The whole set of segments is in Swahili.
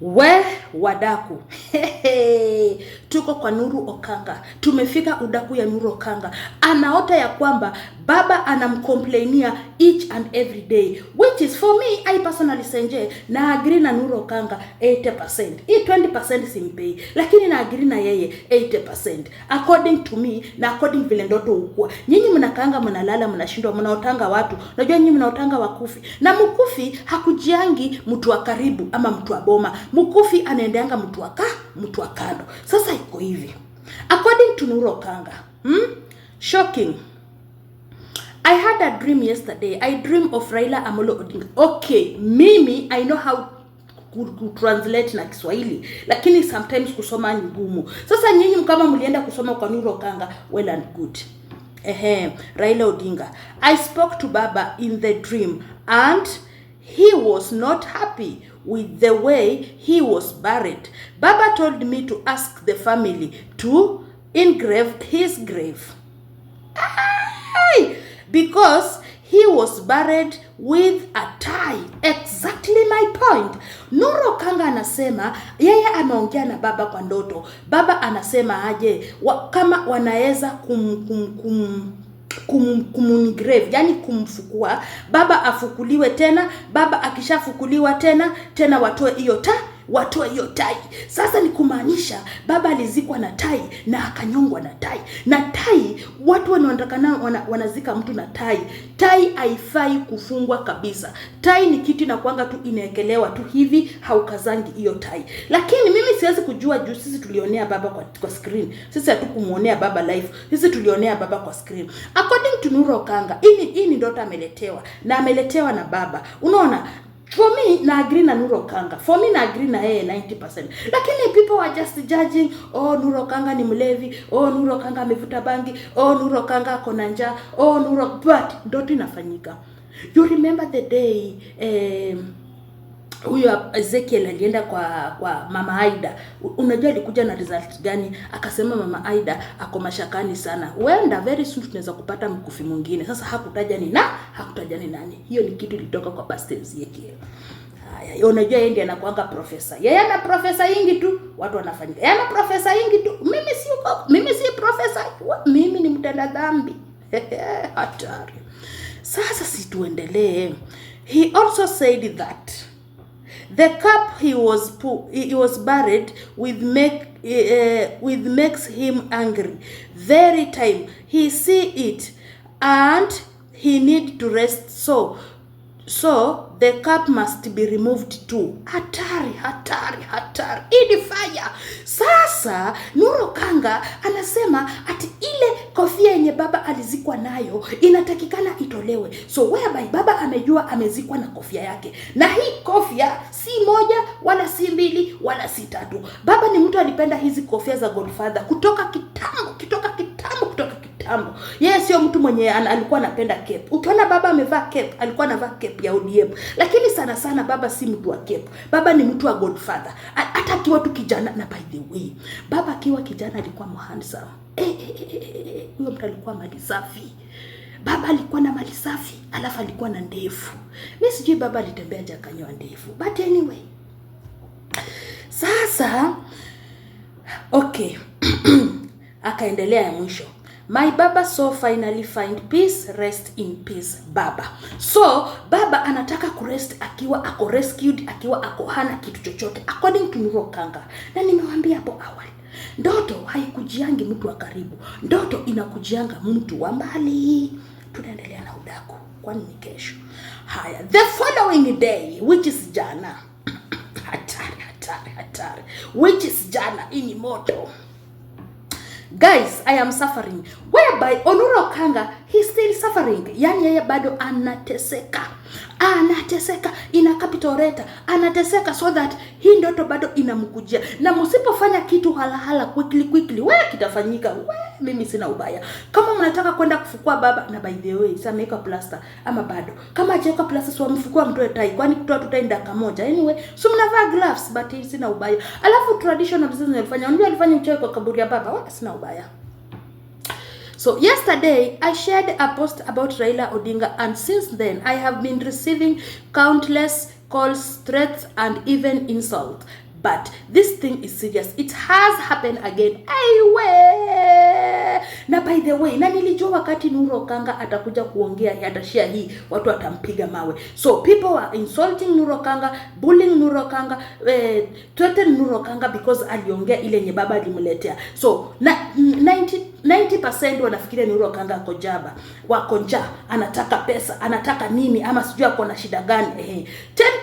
we wadaku hey, hey. Tuko kwa Nuru Okanga, tumefika udaku ya Nuru Okanga. Anaota ya kwamba baba anamcomplainia each and every day which is for me I personally senje na agree na Nuru Okanga 80%. Hii 20% simpei, lakini na agree na yeye 80% according to me na according vile ndoto ukua. Nyinyi mnakaanga mnalala mnashindwa mnaotanga watu. najua nyinyi mnaotanga wakufi. Na mkufi hakujiangi mtu wa karibu ama mtu wa boma. Mkufi anaendeanga mtu wa kaa mtu wa kando. Sasa iko hivi, according to Nuru Okanga, hmm? Shocking. I had a dream yesterday. I dream of Raila Amolo Odinga. Okay, mimi I know how translate na Kiswahili lakini sometimes kusoma ni ngumu. Sasa nyinyi kama mlienda kusoma kwa Nuru Okanga, well and good. Ehe, Raila Odinga. I spoke to Baba in the dream and he was not happy with the way he was buried. Baba told me to ask the family to engrave his grave. Ay! Because he was buried with a tie. Exactly my point. Nuro Kanga anasema yeye ameongea na baba kwa ndoto. Baba anasema aje wa, kama wanaweza kum, kum, kum kum, kumunigrave, yani kumfukua baba afukuliwe tena. Baba akishafukuliwa tena tena watoe hiyo ta watoe hiyo tai. Sasa ni kumaanisha baba alizikwa na tai na akanyongwa na tai, na tai watu wanaondoka nao wana, wanazika mtu na tai. Tai haifai kufungwa kabisa. Tai ni kitu inakwanga tu inaekelewa tu hivi, haukazangi hiyo tai. Lakini mimi siwezi kujua juu sisi tulionea baba kwa, kwa screen. Sisi hatukumuonea baba live, sisi tulionea baba kwa screen. According to Nuru Okanga, hii ni ndoto ameletewa na ameletewa na baba, unaona For me, na agree na Nuro Kanga. For me, na agree na yeye 90%. Lakini people are just judging, oh Nuro Kanga ni mlevi, oh Nuro Kanga amevuta bangi, oh Nuro Kanga ako na njaa, oh Nuro but ndoto inafanyika. You remember the day um, huyo Ezekiel alienda kwa kwa mama Aida. Unajua alikuja na result gani? Akasema mama Aida ako mashakani sana, huenda very soon tunaweza kupata mkufi mwingine. Sasa hakutaja ni na hakutaja ni nani. Hiyo ni kitu ilitoka kwa Pastor Ezekiel. Haya, unajua yeye ndiye anakuanga profesa. Yeye ana profesa nyingi tu, watu wanafanyika. Yeye ana profesa nyingi tu. Mimi si uko, mimi si profesa, mimi ni mtenda dhambi. Hatari. Sasa situendelee. He also said that The cup he was po- he was buried with make uh, with makes him angry. Very time he see it, and he need to rest. So So the cup must be removed too. Hatari, hatari, hatari. Hii ni fire. Sasa Nuru Kanga anasema ati ile kofia yenye baba alizikwa nayo inatakikana itolewe. So whereby baba amejua amezikwa na kofia yake, na hii kofia si moja wala si mbili wala si tatu. Baba ni mtu alipenda hizi kofia za Godfather kutoka kitambo. Yeye sio mtu mwenye an, alikuwa anapenda cap. Ukiona baba amevaa cap, alikuwa anavaa cap ya ODM. Lakini sana sana baba si mtu wa cap. Baba ni mtu wa Godfather. Hata akiwa tu kijana na by the way, baba akiwa kijana alikuwa mhandsome. Eh, eh, eh, eh, huyo mtu alikuwa mali safi. Baba alikuwa na mali safi, alafu alikuwa na ndevu. Mimi sijui baba alitembea aje akanyoa ndevu. But anyway. Sasa okay. Akaendelea ya mwisho. My baba so finally find peace, rest in peace baba. So baba anataka kurest akiwa ako rescued, akiwa ako hana kitu chochote according to Nuro Kanga, na nimewambia hapo awali ndoto haikujiangi mtu wa karibu, ndoto inakujianga mtu wa mbali. Tunaendelea na udaku, kwani ni kesho. Haya, the following day which is jana hatari hatari hatari, which is jana, hii ni moto Guys, I am suffering. Whereby Onuro Okanga, he still suffering. Yani yeye bado anateseka anateseka ina capital letter, anateseka so that hii ndoto bado inamkujia, na msipofanya kitu halahala quickly quickly, wewe kitafanyika. wewe. mimi sina ubaya, kama mnataka kwenda kufukua baba, na by the way sasa ameweka plaster ama bado? Kama hajaweka plaster, sio mfukua mtu tai, kwani kutoa tutai ndaka moja? Anyway, so mnavaa gloves, but hii sina ubaya. Alafu traditional business alifanya, unajua alifanya mchawi kwa kaburi ya baba, wewe sina ubaya. So yesterday I shared a post about Raila Odinga and since then I have been receiving countless calls, threats and even insult. But this thing is serious. It has happened again. Aiwe! Na by the way, na nilijua wakati Nuru Okanga atakuja kuongea atashia hii watu watampiga mawe. So people are insulting Nuru Okanga, bullying Nuru Okanga, eh, Nuru Okanga because aliongea ile nye baba alimletea. So na mm, 90 90% wanafikiria ni Kanga wakanga jaba, wako njaa, anataka pesa, anataka nini, ama sijui ako na shida gani eh.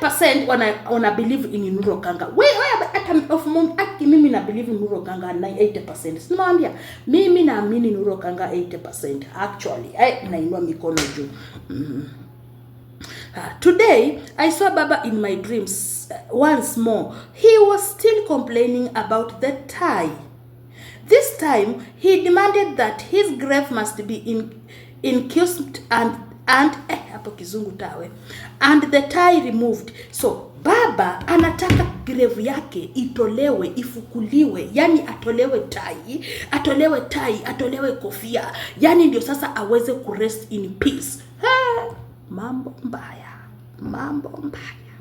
10% wana, wana believe in Nuru Kanga. We wewe hata of mom aki mimi na believe in Nuru Kanga 80%. Simwambia mimi naamini Nuru Kanga 80% actually. Eh, nainua mikono juu. Mm Uh, today I saw Baba in my dreams uh, once more. He was still complaining about the tie This time, he demanded that his grave must be in, incused and, and eh, hapo kizungu tawe and the tie removed. So baba anataka grave yake itolewe, ifukuliwe, yani atolewe tai, atolewe tai, atolewe kofia, yani ndio sasa aweze kurest in peace. Ha! mambo mbaya, mambo mbaya,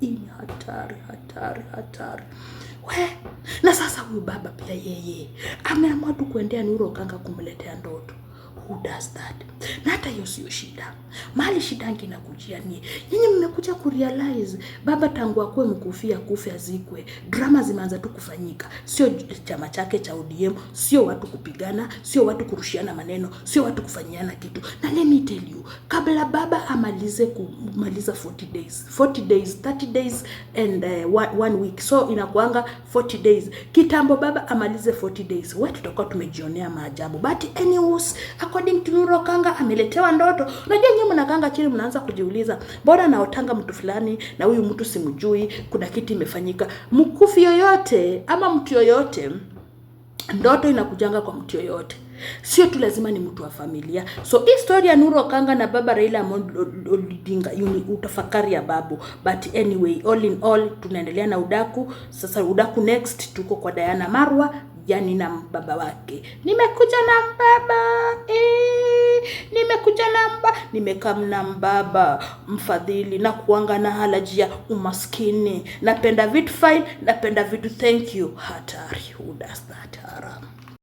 ini hatari, hatari, hatari we. Na sasa huyu baba pia yeye ameamua tu kuendea Nuru kanga kumletea ndoto who does that? Na hata hiyo sio shida. Mahali shida ngi ni nyinyi mmekuja kurealize baba tangu akuwe mkufia akufe azikwe, drama zimeanza tu kufanyika, sio chama chake cha ODM, sio watu kupigana, sio watu kurushiana maneno, sio watu kufanyiana kitu. Na let me tell you, kabla baba amalize kumaliza 40 days 40 days 30 days and uh, one, one week so inakuanga 40 days kitambo, baba amalize 40 days, wewe tutakuwa tumejionea maajabu, but anyways ako according to Nuro Kanga ameletewa ndoto. Unajua nyinyi mnakanga chini mnaanza kujiuliza, bora naotanga mtu fulani na huyu mtu simjui, kuna kitu imefanyika. Mkufi yoyote ama mtu yoyote, ndoto inakujanga kwa mtu yoyote sio tu lazima ni mtu wa familia. So hii story ya Nuru Okanga na baba Raila Odinga yuni utafakari ya babu, but anyway, all in all tunaendelea na udaku sasa. Udaku next tuko kwa Diana Marwa, yani na baba wake. Nimekuja na baba nimekaa mbaba mfadhili na kuanga na halajia umaskini. Napenda vitu fine, napenda vitu thank you. Hatari, who does that haram?